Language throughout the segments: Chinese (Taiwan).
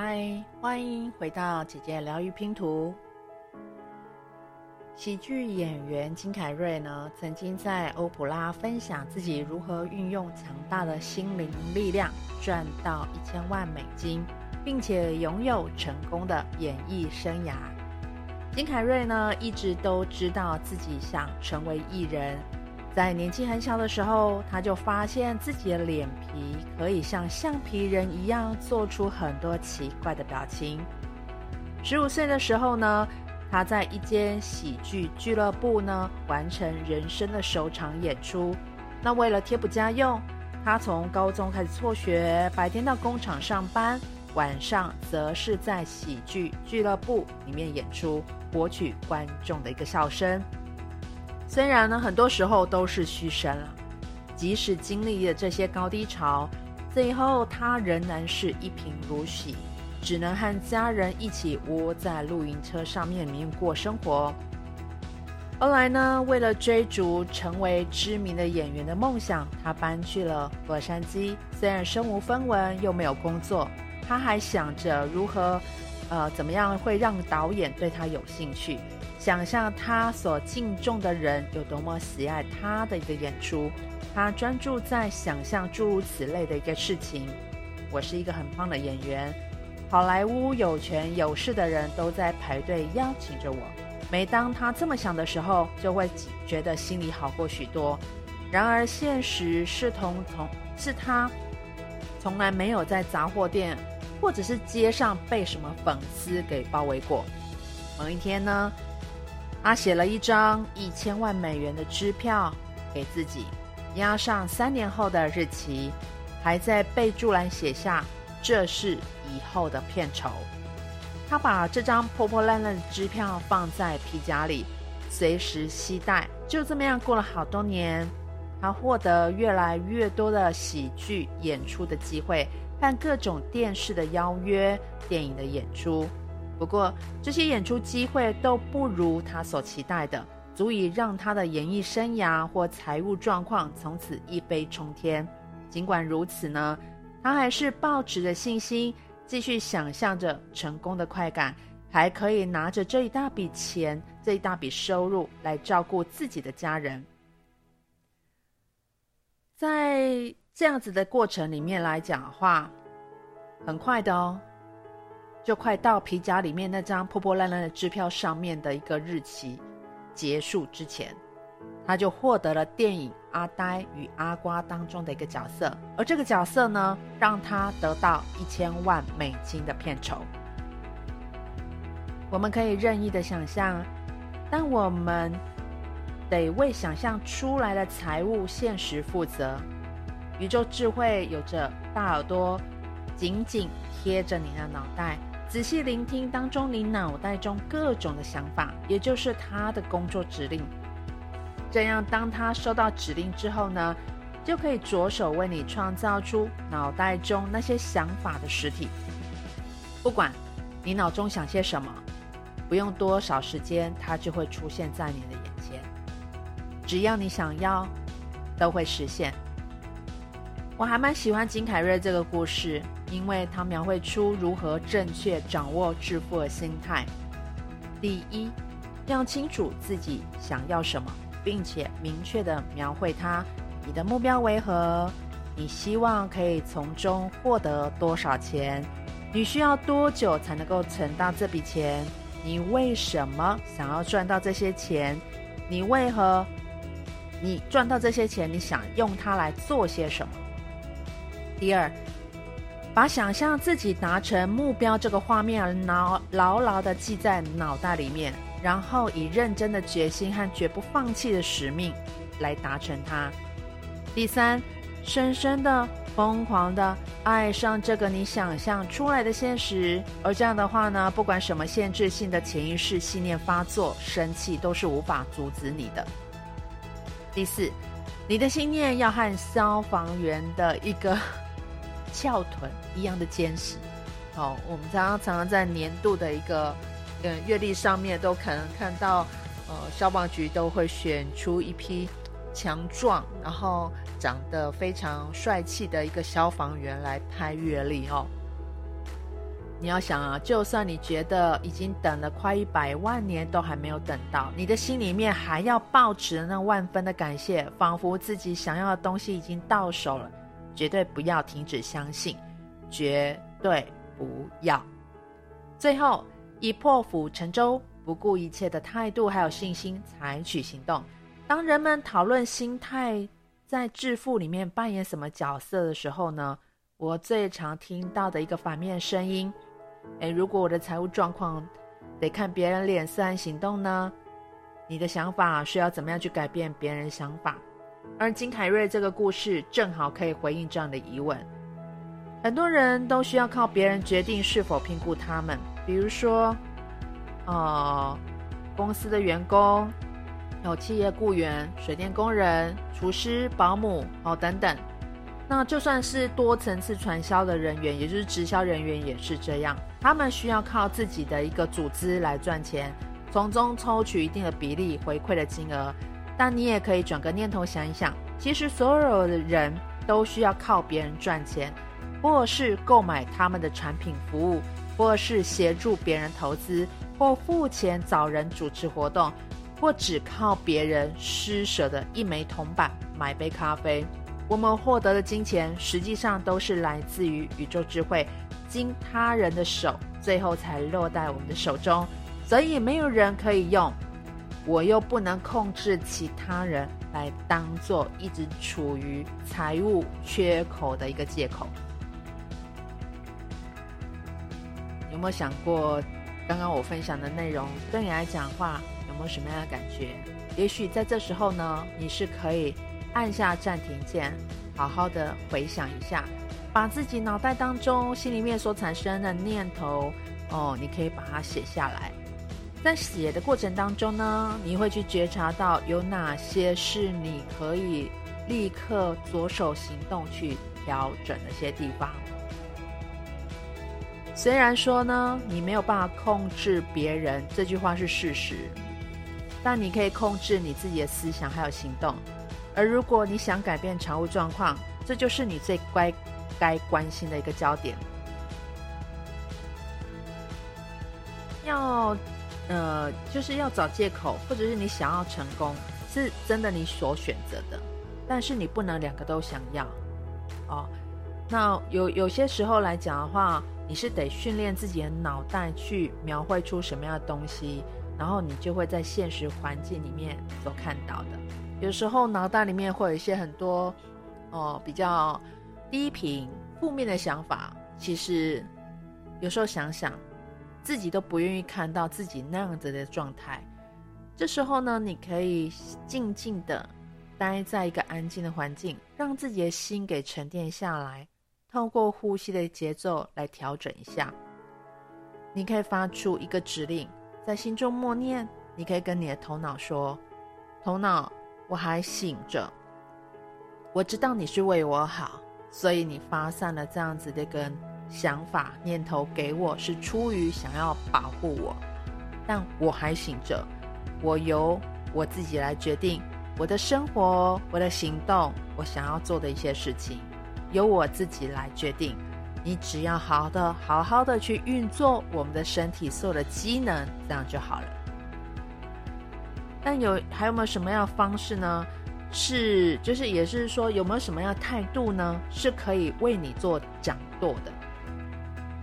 嗨，歡迎回到姐姐療癒拼圖。喜劇演員金凱瑞呢，曾經在歐普拉分享自己如何運用強大的心靈力量賺到一千萬美金，並且擁有成功的演藝生涯。金凱瑞呢，一直都知道自己想成為藝人。在年紀很小的時候，他就發現自己的臉皮可以像橡皮人一樣做出很多奇怪的表情。十五歲的時候呢，他在一間喜劇俱樂部呢完成人生的首場演出。那為了貼補家用，他從高中開始輟學，白天到工廠上班，晚上則是在喜劇俱樂部裡面演出，博取觀眾的一個笑聲。雖然呢，很多時候都是噓聲了，即使經歷了這些高低潮，最後他仍然是一貧如洗，只能和家人一起窩在露營車上面裡面過生活。後來呢，為了追逐成為知名的演員的夢想，他搬去了洛杉磯。雖然身無分文，又沒有工作，他還想着如何，呃，怎麼樣會讓導演對他有興趣。想象他所敬重的人有多麼喜愛他的一個演出，他專注在想象諸如此類的一個事情。我是一個很棒的演員，好萊塢有權有勢的人都在排隊邀請着我。每當他這麼想的時候，就會覺得心裡好過許多。然而，現實是，同從是他從來沒有在雜貨店或者是街上被什麼粉絲給包圍過。某一天呢，他寫了一張一千萬美元的支票給自己，壓上三年後的日期，還在備注欄寫下這是以後的片酬。他把這張破破爛爛的支票放在皮夾裡，隨時攜帶。就這麼樣過了好多年，他獲得越來越多的喜劇演出的機會，看各種電視的邀約，電影的演出。不過，這些演出機會都不如他所期待的，足以讓他的演藝生涯或財務狀況從此一飛衝天。盡管如此呢，他還是抱持着信心，繼續想象着成功的快感，還可以拿着這一大筆錢、這一大筆收入來照顧自己的家人。在這樣子的過程裡面來講的話，很快的哦。就快到皮夾裡面那張破破爛爛的支票上面的一個日期結束之前，他就獲得了電影《阿呆與阿瓜》當中的一個角色，而這個角色呢，讓他得到一千萬美金的片酬。我們可以任意的想象，但我們得為想象出來的財務現實負責。宇宙智慧有着大耳朵，緊緊貼着你的腦袋。仔細聆聽當中，你腦袋中各種的想法，也就是他的工作指令。這樣，當他收到指令之後呢，就可以着手為你創造出腦袋中那些想法的實體。不管你腦中想些什麼，不用多少時間，它就會出現在你的眼前。只要你想要，都會實現。我還蠻喜歡金凱瑞這個故事，因為他描繪出如何正確掌握致富的心態。第一，要清楚自己想要什麼，並且明確地描繪它。你的目標為何？你希望可以從中獲得多少錢？你需要多久才能夠存到這筆錢？你為什麼想要賺到這些錢？你為何？你賺到這些錢，你想用它來做些什麼？第二，把想象自己達成目標這個畫面牢牢牢的記在腦袋裡面，然後以認真的決心和絕不放棄的使命來達成它。第三，深深的瘋狂的愛上這個你想象出來的現實，而這樣的話呢，不管什麼限制性的潛意識信念發作、生氣，都是無法阻止你的。第四，你的信念要和消防員的一個。翹臀一樣的堅實，哦，我們常常常常在年度的一個，嗯，月曆上面都可能看到，呃，消防局都會選出一批強壯，然後長得非常帥氣的一個消防員來拍月曆哦。你要想啊，就算你覺得已經等了快一百萬年都還沒有等到，你的心裡面還要抱持那萬分的感謝，仿佛自己想要的東西已經到手了。絕對不要停止相信，絕對不要。最後以破釜沉舟、不顧一切的態度還有信心採取行動。當人們討論心態在致富裡面扮演什麼角色的時候呢，我最常聽到的一個反面聲音：哎，如果我的財務狀況得看別人臉色行動呢？你的想法是要怎麼樣去改變別人想法？而金凱瑞這個故事正好可以回應這樣的疑問：很多人都需要靠別人決定是否聘僱他們，比如說，呃，公司的員工，有企業僱員、水電工人、廚師、保姆哦等等。那就算是多層次傳銷的人員，也就是直銷人員，也是這樣，他們需要靠自己的一個組織來賺錢，從中抽取一定的比例回饋的金額。但你也可以轉個念頭想一想，其實所有的人都需要靠別人賺錢，或是購買他們的產品服務，或是協助別人投資，或付錢找人主持活動，或只靠別人施捨的一枚銅板買杯咖啡。我們獲得的金錢，實際上都是來自於宇宙智慧，經他人的手，最後才落在我們的手中，所以沒有人可以用。我又不能控制其他人來當做一直處於財務缺口的一個借口。有沒有想過剛剛我分享的內容對你來講的話，有沒有什麼樣的感覺？也許在這時候呢，你是可以按下暫停鍵，好好的回想一下，把自己腦袋當中心裡面所產生的念頭，哦，你可以把它寫下來。在寫的過程當中呢，你會去覺察到有哪些是你可以立刻着手行動去調整的一些地方。雖然說呢，你沒有辦法控制別人，這句話是事實，但你可以控制你自己的思想還有行動。而如果你想改變財務狀況，這就是你最該該關心的一個焦點。要。呃，就是要找借口，或者是你想要成功，是真的你所選擇的，但是你不能兩個都想要哦。那有有些時候來講的話，你是得訓練自己的腦袋去描繪出什麼樣的東西，然後你就會在現實環境裡面所看到的。有時候腦袋裡面會有一些很多哦，比較低頻負面的想法，其實有時候想想。自己都不願意看到自己那樣子的狀態，這時候呢，你可以靜靜的待在一個安靜的環境，讓自己的心給沉澱下來，透過呼吸的節奏來調整一下。你可以發出一個指令，在心中默念，你可以跟你的頭腦說：“頭腦，我還醒着，我知道你是為我好，所以你發散了這樣子的跟。”想法念頭給我是出於想要保護我，但我還醒着，我由我自己來決定我的生活、我的行動、我想要做的一些事情，由我自己來決定。你只要好好的、好好的去運作我們的身體所有的機能，這樣就好了。但有還有沒有什麼樣的方式呢？是就是也是說，有沒有什麼樣的態度呢？是可以為你做掌舵的。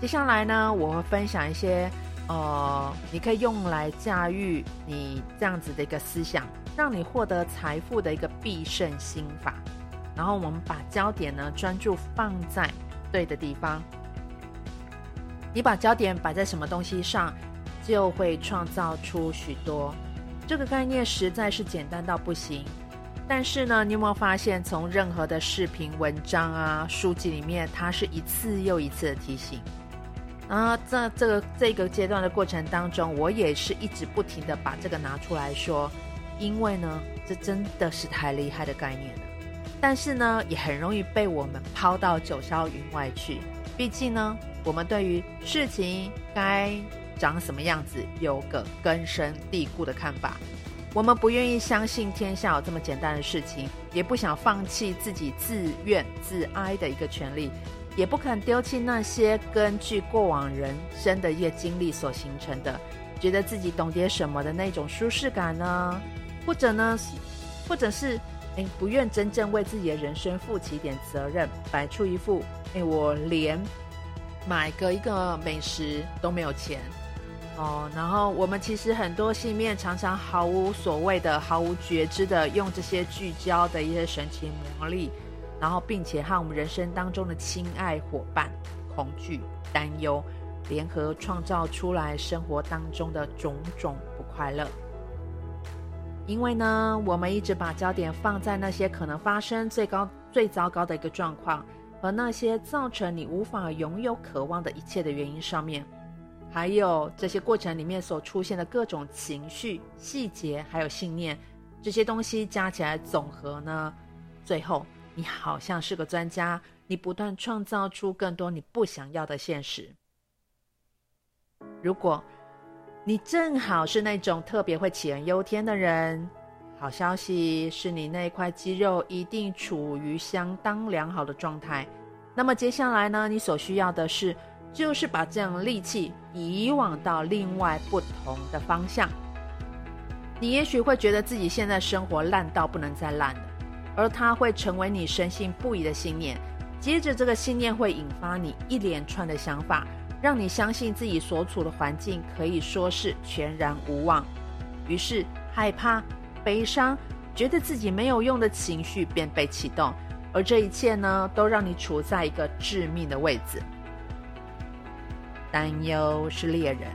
接下來呢，我會分享一些，呃，你可以用來駕馭你這樣子的一個思想，讓你獲得財富的一個必勝心法。然後我們把焦點呢，專注放在對的地方。你把焦點擺在什麼東西上，就會創造出許多。這個概念實在是簡單到不行。但是呢，你有沒有發現，從任何的視頻、文章啊、書籍裡面，它是一次又一次的提醒。然後在這，這個這個階段的過程當中，我也是一直不停的把這個拿出來說，因為呢，這真的是太厲害的概念了。但是呢，也很容易被我們拋到九霄雲外去。畢竟呢，我們對於事情該長什麼樣子有個根深蒂固的看法，我們不願意相信天下有這麼簡單的事情，也不想放棄自己自怨自哀的一個權利。也不肯丟棄那些根據過往人生的一些經歷所形成的，覺得自己懂點什麼的那種舒適感呢，或者呢，或者是，誒、欸，不願真正為自己的人生負起點責任，擺出一副哎、欸、我連買個一個美食都沒有錢哦。然後我們其實很多心念常常毫無所謂的、毫無覺知的用這些聚焦的一些神奇魔力。然後，並且和我們人生當中的親愛夥伴、恐懼、擔憂，聯合創造出來生活當中的種種不快樂。因為呢，我們一直把焦點放在那些可能發生最高、最糟糕的一個狀況，和那些造成你無法擁有渴望的一切的原因上面，還有這些過程裡面所出現的各種情緒、細節，還有信念，這些東西加起來總和呢，最後。你好像是個專家，你不斷創造出更多你不想要的現實。如果你正好是那種特別會杞人憂天的人，好消息是你那塊肌肉一定處於相當良好的狀態。那麼接下來呢？你所需要的是，就是把這樣的力氣移往到另外不同的方向。你也許會覺得自己現在生活爛到不能再爛而它會成為你深信不疑的信念，接着這個信念會引發你一連串的想法，讓你相信自己所處的環境可以說是全然無望。於是，害怕、悲傷，覺得自己沒有用的情緒便被啟動，而這一切呢，都讓你處在一個致命的位置。擔憂是獵人，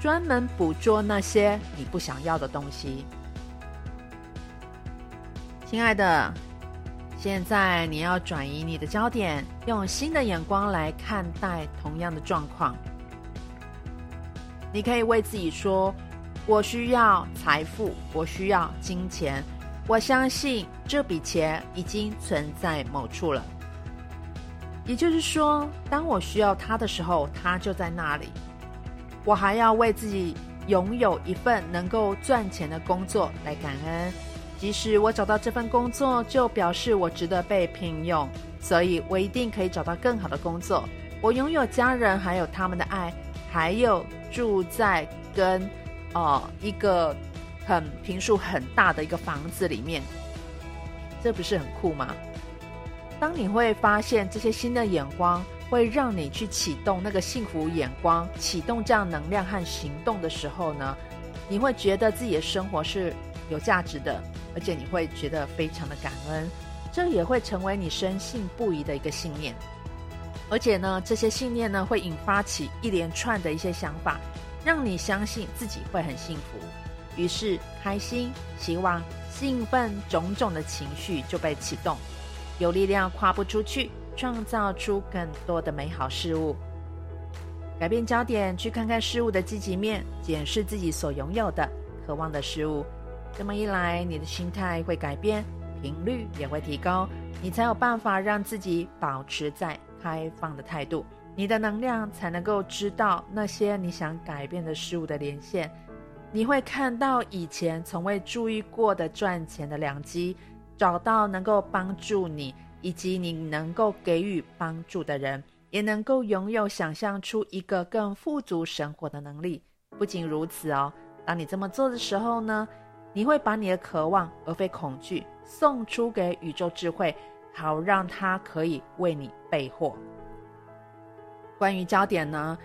專門捕捉那些你不想要的東西。親愛的，現在你要轉移你的焦點，用新的眼光來看待同樣的狀況。你可以為自己說：“我需要財富，我需要金錢。”我相信這筆錢已經存在某處了。也就是說，當我需要它的時候，它就在那裡。我還要為自己擁有一份能夠賺錢的工作來感恩。即使我找到這份工作，就表示我值得被聘用，所以我一定可以找到更好的工作。我擁有家人，還有他們的愛，還有住在跟哦、呃、一個很坪數很大的一個房子裡面，這不是很酷嗎？當你會發現這些新的眼光，會讓你去啟動那個幸福眼光，啟動這樣能量和行動的時候呢，你會覺得自己的生活是有價值的。而且你會覺得非常的感恩，這也會成為你深信不疑的一個信念。而且呢，這些信念呢，會引發起一連串的一些想法，讓你相信自己會很幸福，於是開心、希望、興奮種種的情緒就被啟動，有力量跨不出去，創造出更多的美好事物。改變焦點，去看看事物的積極面，檢視自己所擁有的、渴望的事物。這麼一來，你的心態會改變，頻率也會提高，你才有辦法讓自己保持在開放的態度，你的能量才能夠知道那些你想改變的事物的連線。你會看到以前從未注意過的賺錢的良機，找到能夠幫助你以及你能夠給予幫助的人，也能夠擁有想象出一個更富足生活的能力。不僅如此哦，當你這麼做的時候呢，你會把你的渴望而非恐懼送出給宇宙智慧，好讓它可以為你備貨。關於焦點呢，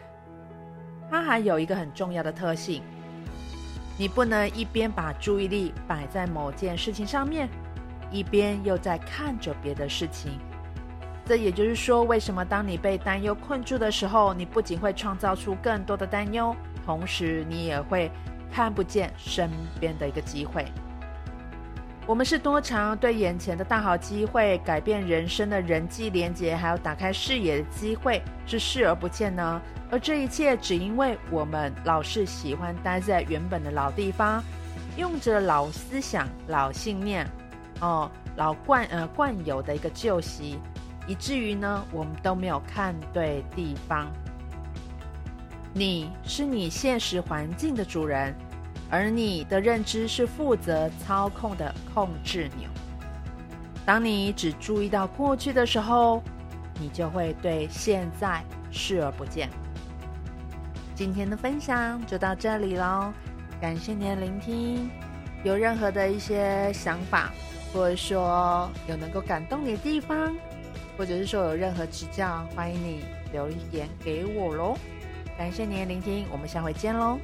它還有一個很重要的特性，你不能一邊把注意力擺在某件事情上面，一邊又在看着別的事情。這也就是說，為什麼當你被擔憂困住的時候，你不僅會創造出更多的擔憂，同時你也會。看不見身邊的一個機會，我們是多常對眼前的大好機會、改變人生的人際連接，還有打開視野的機會，是視而不見呢？而這一切，只因為我們老是喜歡待在原本的老地方，用着老思想、老信念、哦、老慣、呃、慣有的一個舊習，以至於呢，我們都沒有看對地方。你是你現實環境的主人，而你的認知是負責操控的控制鈕。當你只注意到過去的時候，你就會對現在視而不見。今天的分享就到這裡嘍，感謝您的聆聽。有任何的一些想法，或者說有能夠感動你的地方，或者是說有任何指教，歡迎你留言給我嘍。感謝您的聆聽，我們下回見嘍。